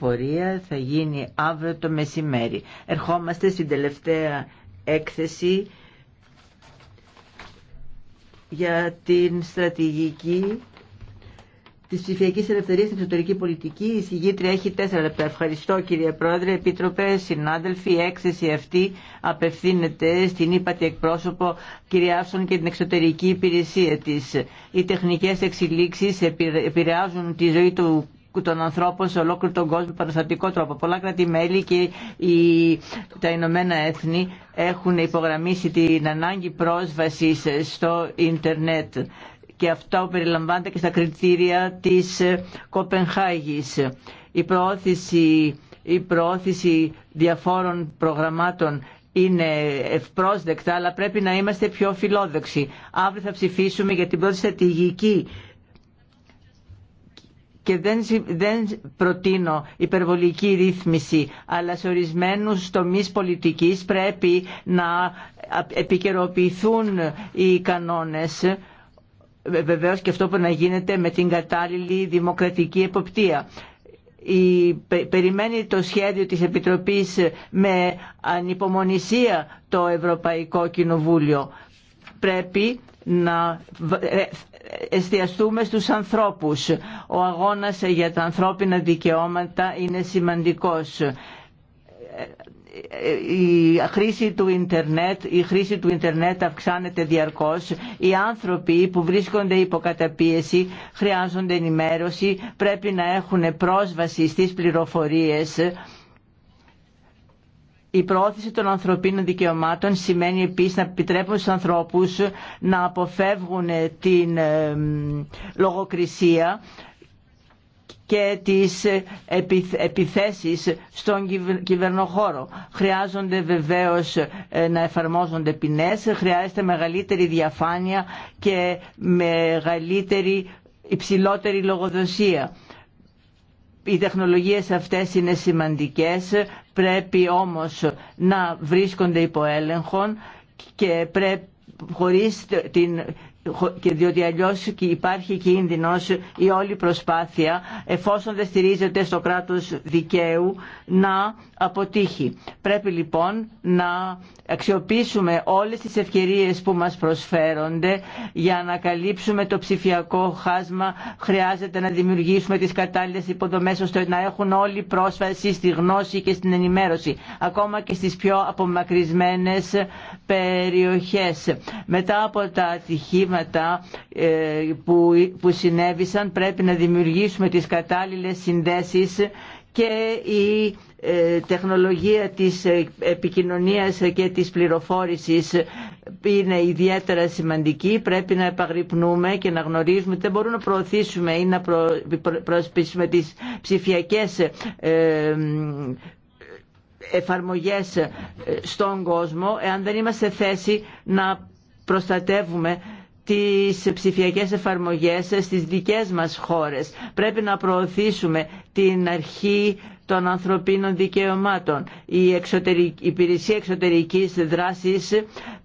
πορεία θα γίνει αύριο το μεσημέρι. Ερχόμαστε στην τελευταία έκθεση για την στρατηγική της ψηφιακή ελευθερίας στην εξωτερική πολιτική. Η συγγήτρια έχει τέσσερα λεπτά. Ευχαριστώ κύριε Πρόεδρε, Επίτροπε, συνάδελφοι. Η έκθεση αυτή απευθύνεται στην ύπατη εκπρόσωπο κυρία και την εξωτερική υπηρεσία της. Οι τεχνικές εξελίξεις επηρεάζουν τη ζωή του των ανθρώπων σε ολόκληρο τον κόσμο παραστατικό τρόπο. Πολλά κράτη-μέλη και τα Ηνωμένα Έθνη έχουν υπογραμμίσει την ανάγκη πρόσβασης στο ίντερνετ και αυτό περιλαμβάνεται και στα κριτήρια της Κοπενχάγης. Η προώθηση, η προώθηση διαφόρων προγραμμάτων είναι ευπρόσδεκτα, αλλά πρέπει να είμαστε πιο φιλόδοξοι. Αύριο θα ψηφίσουμε για την πρώτη στρατηγική και δεν, δεν προτείνω υπερβολική ρύθμιση, αλλά σε ορισμένους τομείς πολιτικής πρέπει να επικαιροποιηθούν οι κανόνες βεβαίως και αυτό που να γίνεται με την κατάλληλη δημοκρατική εποπτεία. Η, περιμένει το σχέδιο της Επιτροπής με ανυπομονησία το Ευρωπαϊκό Κοινοβούλιο. Πρέπει να ε, εστιαστούμε στους ανθρώπους. Ο αγώνας για τα ανθρώπινα δικαιώματα είναι σημαντικός. Η χρήση του ίντερνετ, η χρήση του ίντερνετ αυξάνεται διαρκώς. Οι άνθρωποι που βρίσκονται υπό καταπίεση χρειάζονται ενημέρωση, πρέπει να έχουν πρόσβαση στις πληροφορίες η προώθηση των ανθρωπίνων δικαιωμάτων σημαίνει επίσης να επιτρέπουν στους ανθρώπους να αποφεύγουν την ε, λογοκρισία και τις ε, επιθέσεις στον κυβερνοχώρο. Χρειάζονται βεβαίως ε, να εφαρμόζονται ποινές, χρειάζεται μεγαλύτερη διαφάνεια και μεγαλύτερη υψηλότερη λογοδοσία οι τεχνολογίες αυτές είναι σημαντικές, πρέπει όμως να βρίσκονται υπό έλεγχο και πρέπει χωρίς την και διότι αλλιώ υπάρχει κίνδυνο η όλη προσπάθεια εφόσον δεν στηρίζεται στο κράτος δικαίου να αποτύχει. Πρέπει λοιπόν να αξιοποιήσουμε όλες τις ευκαιρίες που μας προσφέρονται για να καλύψουμε το ψηφιακό χάσμα. Χρειάζεται να δημιουργήσουμε τις κατάλληλε υποδομές ώστε να έχουν όλη πρόσβαση στη γνώση και στην ενημέρωση ακόμα και στι πιο απομακρυσμένε περιοχές. Μετά από τα ατυχήματα ε, που συνέβησαν πρέπει να δημιουργήσουμε τις κατάλληλες συνδέσεις και η ε, τεχνολογία της επικοινωνίας και της πληροφόρησης είναι ιδιαίτερα σημαντική. Πρέπει να επαγρυπνούμε και να γνωρίζουμε ότι δεν μπορούμε να προωθήσουμε ή να προσπίσουμε τις ψηφιακές ε, εφαρμογές στον κόσμο εάν δεν είμαστε θέση να προστατεύουμε τις ψηφιακές εφαρμογές στις δικές μας χώρες. Πρέπει να προωθήσουμε την αρχή των ανθρωπίνων δικαιωμάτων. Η, εξωτερική, η υπηρεσία εξωτερικής δράσης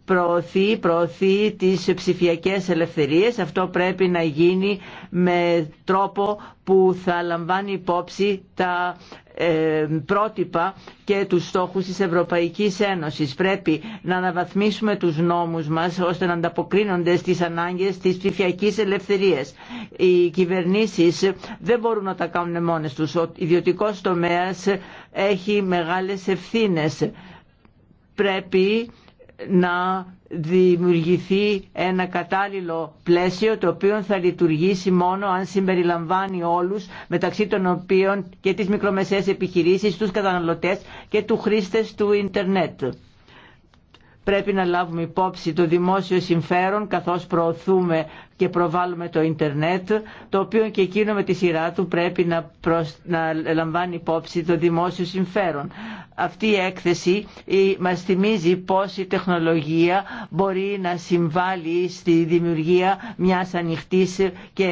προωθεί, προωθεί τις ψηφιακές ελευθερίες. Αυτό πρέπει να γίνει με τρόπο που θα λαμβάνει υπόψη τα ε, πρότυπα και τους στόχους της Ευρωπαϊκής Ένωσης. Πρέπει να αναβαθμίσουμε τους νόμους μας ώστε να ανταποκρίνονται στις ανάγκες της ψηφιακής ελευθερίας. Οι κυβερνήσεις δεν μπορούν να τα κάνουν μόνες τους. Ο ιδιωτικός τομέας έχει μεγάλες ευθύνες. Πρέπει να δημιουργηθεί ένα κατάλληλο πλαίσιο το οποίο θα λειτουργήσει μόνο αν συμπεριλαμβάνει όλους μεταξύ των οποίων και τις μικρομεσαίες επιχειρήσεις, τους καταναλωτές και του χρήστες του ίντερνετ. Πρέπει να λάβουμε υπόψη το δημόσιο συμφέρον καθώς προωθούμε και προβάλλουμε το ίντερνετ το οποίο και εκείνο με τη σειρά του πρέπει να, να λαμβάνει υπόψη το δημόσιο συμφέρον αυτή η έκθεση μας θυμίζει πώς η τεχνολογία μπορεί να συμβάλλει στη δημιουργία μιας ανοιχτής και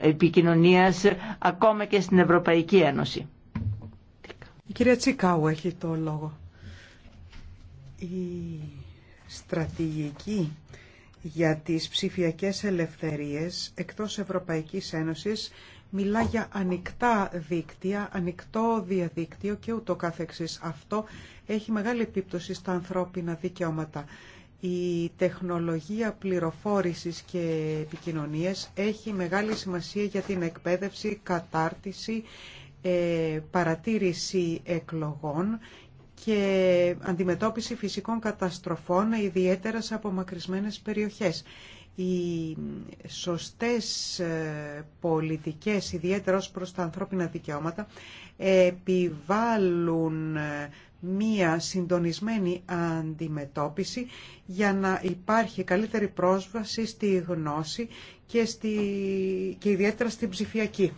επικοινωνίας ακόμα και στην Ευρωπαϊκή Ένωση. Η κυρία Τσικάου έχει το λόγο. Η στρατηγική για τις ψηφιακές ελευθερίες εκτός Ευρωπαϊκής Ένωσης μιλά για ανοιχτά δίκτυα, ανοιχτό διαδίκτυο και ούτω καθεξής. Αυτό έχει μεγάλη επίπτωση στα ανθρώπινα δικαιώματα. Η τεχνολογία πληροφόρησης και επικοινωνίας έχει μεγάλη σημασία για την εκπαίδευση, κατάρτιση, ε, παρατήρηση εκλογών και αντιμετώπιση φυσικών καταστροφών, ιδιαίτερα σε απομακρυσμένες περιοχές. Οι σωστές ε, πολιτικές, ιδιαίτερα ως προς τα ανθρώπινα δικαιώματα, επιβάλλουν ε, μία συντονισμένη αντιμετώπιση για να υπάρχει καλύτερη πρόσβαση στη γνώση και, στη... και ιδιαίτερα στην ψηφιακή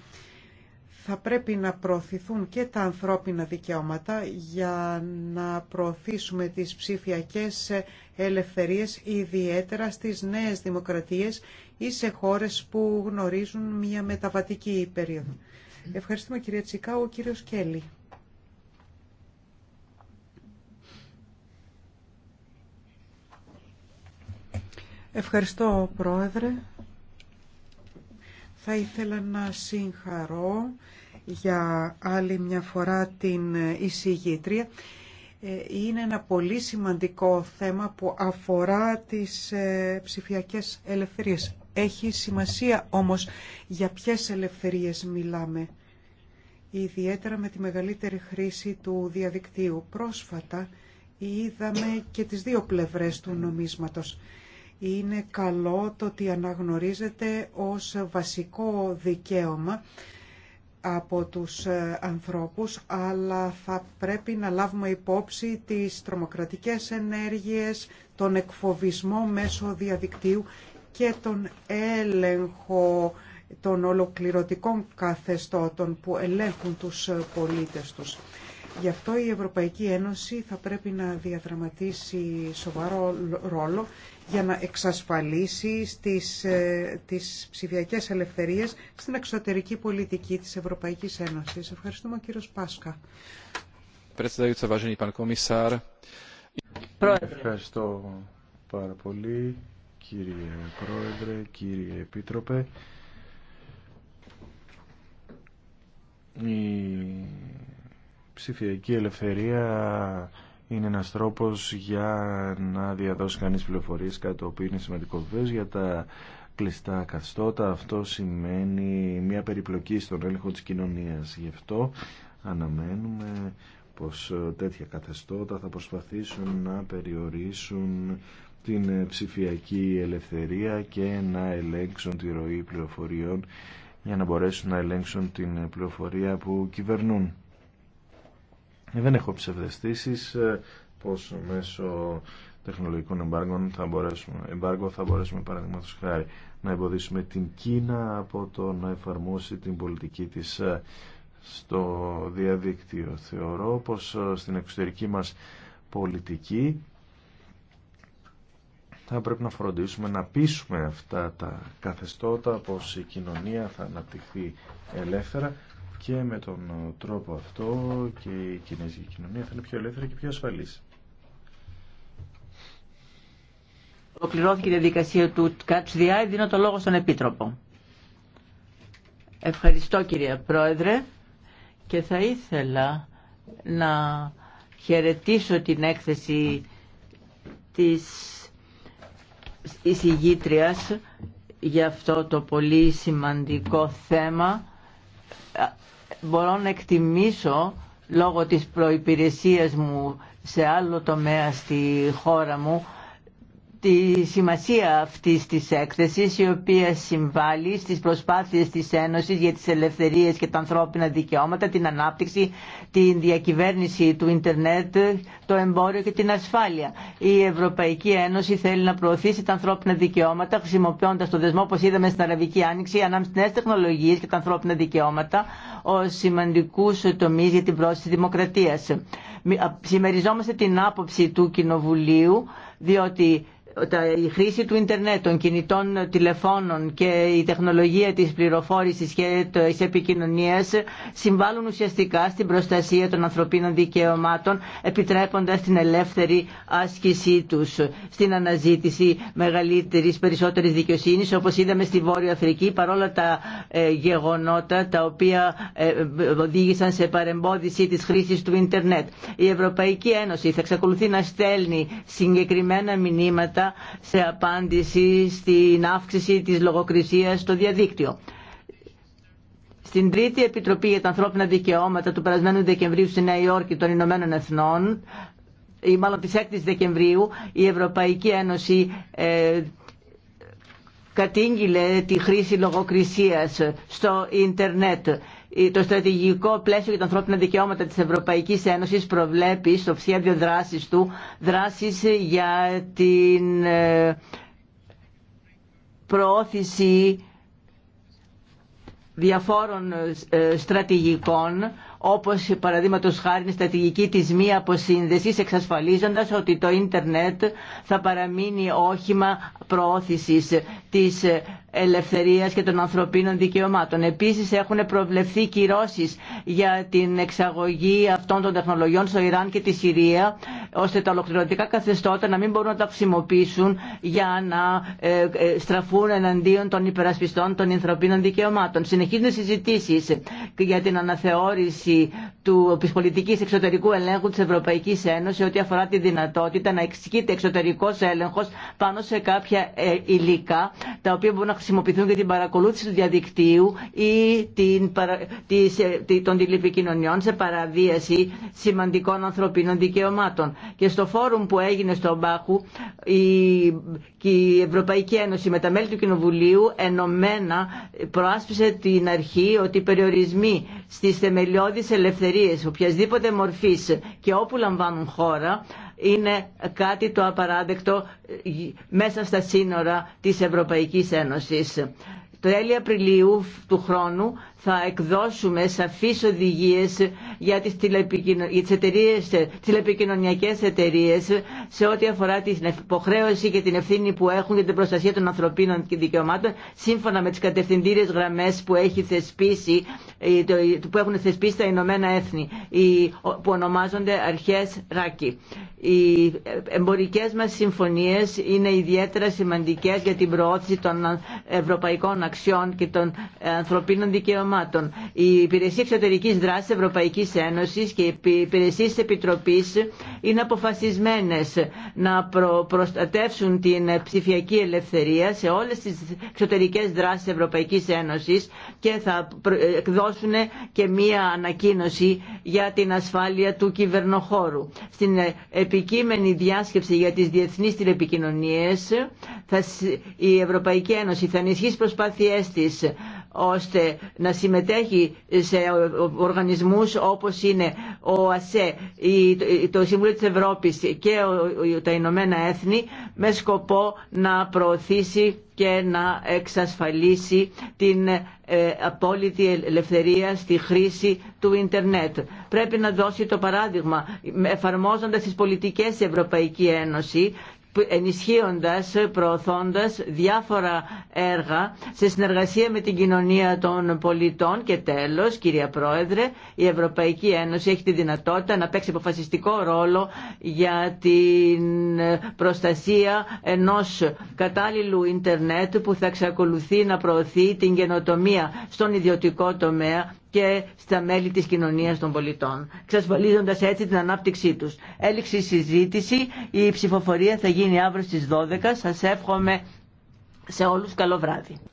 θα πρέπει να προωθηθούν και τα ανθρώπινα δικαιώματα για να προωθήσουμε τις ψηφιακές ελευθερίες ιδιαίτερα στις νέες δημοκρατίες ή σε χώρες που γνωρίζουν μια μεταβατική περίοδο. Ευχαριστούμε κυρία Τσικά, ο κύριος Κέλλη. Ευχαριστώ πρόεδρε. Θα ήθελα να συγχαρώ για άλλη μια φορά την εισηγήτρια. Ε, είναι ένα πολύ σημαντικό θέμα που αφορά τις ε, ψηφιακές ελευθερίες. Έχει σημασία όμως για ποιες ελευθερίες μιλάμε. Ιδιαίτερα με τη μεγαλύτερη χρήση του διαδικτύου. Πρόσφατα είδαμε και τις δύο πλευρές του νομίσματος. Είναι καλό το ότι αναγνωρίζεται ως βασικό δικαίωμα από τους ε, ανθρώπους, αλλά θα πρέπει να λάβουμε υπόψη τις τρομοκρατικές ενέργειες, τον εκφοβισμό μέσω διαδικτύου και τον έλεγχο των ολοκληρωτικών καθεστώτων που ελέγχουν τους ε, πολίτες τους. Γι' αυτό η Ευρωπαϊκή Ένωση θα πρέπει να διαδραματίσει σοβαρό ρόλο για να εξασφαλίσει στις, ε, τις ψηφιακές ελευθερίες στην εξωτερική πολιτική της Ευρωπαϊκής Ένωσης. Ευχαριστούμε κύριος Πάσκα. Ευχαριστώ πάρα πολύ κύριε Πρόεδρε, κύριε Επίτροπε. Η ψηφιακή ελευθερία είναι ένας τρόπος για να διαδώσει κανείς πληροφορίες, κάτι το οποίο είναι σημαντικό για τα κλειστά καθιστώτα. Αυτό σημαίνει μια περιπλοκή στον έλεγχο της κοινωνίας. Γι' αυτό αναμένουμε πως τέτοια καθεστώτα θα προσπαθήσουν να περιορίσουν την ψηφιακή ελευθερία και να ελέγξουν τη ροή πληροφοριών για να μπορέσουν να ελέγξουν την πληροφορία που κυβερνούν. Ε, δεν έχω ψευδεστήσει ε, πως μέσω τεχνολογικών εμπάργων θα μπορέσουμε, εμπάργο θα μπορέσουμε παραδείγματο χάρη να εμποδίσουμε την Κίνα από το να εφαρμόσει την πολιτική της ε, στο διαδίκτυο. Θεωρώ πως στην εξωτερική μας πολιτική θα πρέπει να φροντίσουμε να πείσουμε αυτά τα καθεστώτα πως η κοινωνία θα αναπτυχθεί ελεύθερα και με τον ε, τρόπο αυτό και η κινέζικη κοινωνία θα είναι πιο ελεύθερη και πιο ασφαλής. Οκληρώθηκε η διαδικασία του Catch Δίνω το λόγο στον Επίτροπο. Ευχαριστώ κύριε Πρόεδρε και θα ήθελα να χαιρετήσω την έκθεση της εισηγήτριας για αυτό το πολύ σημαντικό θέμα μπορώ να εκτιμήσω λόγω της προϋπηρεσίας μου σε άλλο τομέα στη χώρα μου τη σημασία αυτής της έκθεσης η οποία συμβάλλει στις προσπάθειες της Ένωσης για τις ελευθερίες και τα ανθρώπινα δικαιώματα, την ανάπτυξη, την διακυβέρνηση του ίντερνετ, το εμπόριο και την ασφάλεια. Η Ευρωπαϊκή Ένωση θέλει να προωθήσει τα ανθρώπινα δικαιώματα χρησιμοποιώντας το δεσμό όπως είδαμε στην Αραβική Άνοιξη ανάμεσα στις νέες τεχνολογίες και τα ανθρώπινα δικαιώματα ως σημαντικούς τομείς για την πρόσθεση δημοκρατίας. Συμμεριζόμαστε την άποψη του Κοινοβουλίου διότι η χρήση του ίντερνετ, των κινητών τηλεφώνων και η τεχνολογία της πληροφόρησης και της επικοινωνίας συμβάλλουν ουσιαστικά στην προστασία των ανθρωπίνων δικαιωμάτων επιτρέποντας την ελεύθερη άσκησή τους στην αναζήτηση μεγαλύτερης, περισσότερης δικαιοσύνης όπως είδαμε στη Βόρεια Αφρική παρόλα τα ε, γεγονότα τα οποία ε, οδήγησαν σε παρεμπόδιση της χρήσης του ίντερνετ. Η Ευρωπαϊκή Ένωση θα εξακολουθεί να στέλνει συγκεκριμένα μηνύματα σε απάντηση στην αύξηση της λογοκρισίας στο διαδίκτυο. Στην Τρίτη Επιτροπή για τα Ανθρώπινα Δικαιώματα του περασμένου Δεκεμβρίου στη Νέα Υόρκη των Ηνωμένων Εθνών, ή μάλλον της 6 Δεκεμβρίου, η Ευρωπαϊκή Ένωση ε, κατήγγειλε τη χρήση λογοκρισίας στο ίντερνετ το στρατηγικό πλαίσιο για τα ανθρώπινα δικαιώματα της Ευρωπαϊκής Ένωσης προβλέπει στο σχέδιο δράσης του δράσεις για την ε, προώθηση διαφόρων ε, στρατηγικών Όπω, παραδείγματο χάρη η στρατηγική τη μη αποσύνδεση, εξασφαλίζοντα ότι το ίντερνετ θα παραμείνει όχημα προώθηση τη ελευθερία και των ανθρωπίνων δικαιωμάτων. Επίση, έχουν προβλεφθεί κυρώσει για την εξαγωγή αυτών των τεχνολογιών στο Ιράν και τη Συρία ώστε τα ολοκληρωτικά καθεστώτα να μην μπορούν να τα χρησιμοποιήσουν για να ε, ε, στραφούν εναντίον των υπερασπιστών των ανθρωπίνων δικαιωμάτων. Συνεχίζουν συζητήσει για την αναθεώρηση Τη του πολιτικής εξωτερικού ελέγχου της Ευρωπαϊκής Ένωσης ό,τι αφορά τη δυνατότητα να εξηγείται εξωτερικός έλεγχος πάνω σε κάποια ε, υλικά τα οποία μπορούν να χρησιμοποιηθούν για την παρακολούθηση του διαδικτύου ή την, της, ε, των τηλεπικοινωνιών σε παραβίαση σημαντικών ανθρωπίνων δικαιωμάτων. Και στο φόρουμ που έγινε στον Μπάχου η, η Ευρωπαϊκή Ένωση με τα μέλη του Κοινοβουλίου ενωμένα προάσπισε την αρχή ότι περιορισμοί στις θεμελιώδεις τις ελευθερίες οποιασδήποτε μορφής και όπου λαμβάνουν χώρα είναι κάτι το απαράδεκτο ε, μέσα στα σύνορα της Ευρωπαϊκής Ένωσης. Το τέλη Απριλίου του χρόνου θα εκδώσουμε σαφείς οδηγίες για τις, για τις εταιρείες, τηλεπικοινωνιακές εταιρείες σε ό,τι αφορά την υποχρέωση και την ευθύνη που έχουν για την προστασία των ανθρωπίνων δικαιωμάτων σύμφωνα με τις κατευθυντήριες γραμμές που, έχει θεσπίσει, ε, που έχουν θεσπίσει τα Ηνωμένα Έθνη που ονομάζονται αρχές ΡΑΚΙ. Οι εμπορικές μας συμφωνίες είναι ιδιαίτερα σημαντικές για την προώθηση των ευρωπαϊκών αξιών και των ε, ανθρωπίνων δικαιωμάτων η Υπηρεσία Εξωτερική Δράση Ευρωπαϊκή Ένωση και οι Υπηρεσίε Επιτροπή είναι αποφασισμένε να προ, προστατεύσουν την ψηφιακή ελευθερία σε όλε τι εξωτερικέ δράσει Ευρωπαϊκή Ένωση και θα εκδώσουν και μία ανακοίνωση για την ασφάλεια του κυβερνοχώρου. Στην επικείμενη διάσκεψη για τις διεθνείς τηλεπικοινωνίε, η Ευρωπαϊκή Ένωση θα ενισχύσει προσπάθειέ τη ώστε να συμμετέχει σε οργανισμούς όπως είναι ο ΑΣΕ, το Συμβούλιο της Ευρώπης και τα Ηνωμένα Έθνη με σκοπό να προωθήσει και να εξασφαλίσει την ε, απόλυτη ελευθερία στη χρήση του ίντερνετ. Πρέπει να δώσει το παράδειγμα εφαρμόζοντας τις πολιτικές Ευρωπαϊκή Ένωση ενισχύοντας, προωθώντας διάφορα έργα σε συνεργασία με την κοινωνία των πολιτών και τέλος, κυρία Πρόεδρε, η Ευρωπαϊκή Ένωση έχει τη δυνατότητα να παίξει αποφασιστικό ρόλο για την προστασία ενός κατάλληλου ίντερνετ που θα εξακολουθεί να προωθεί την καινοτομία στον ιδιωτικό τομέα και στα μέλη της κοινωνίας των πολιτών, εξασφαλίζοντας έτσι την ανάπτυξή τους. Έληξη η συζήτηση, η ψηφοφορία θα γίνει αύριο στις 12. Σας εύχομαι σε όλους καλό βράδυ.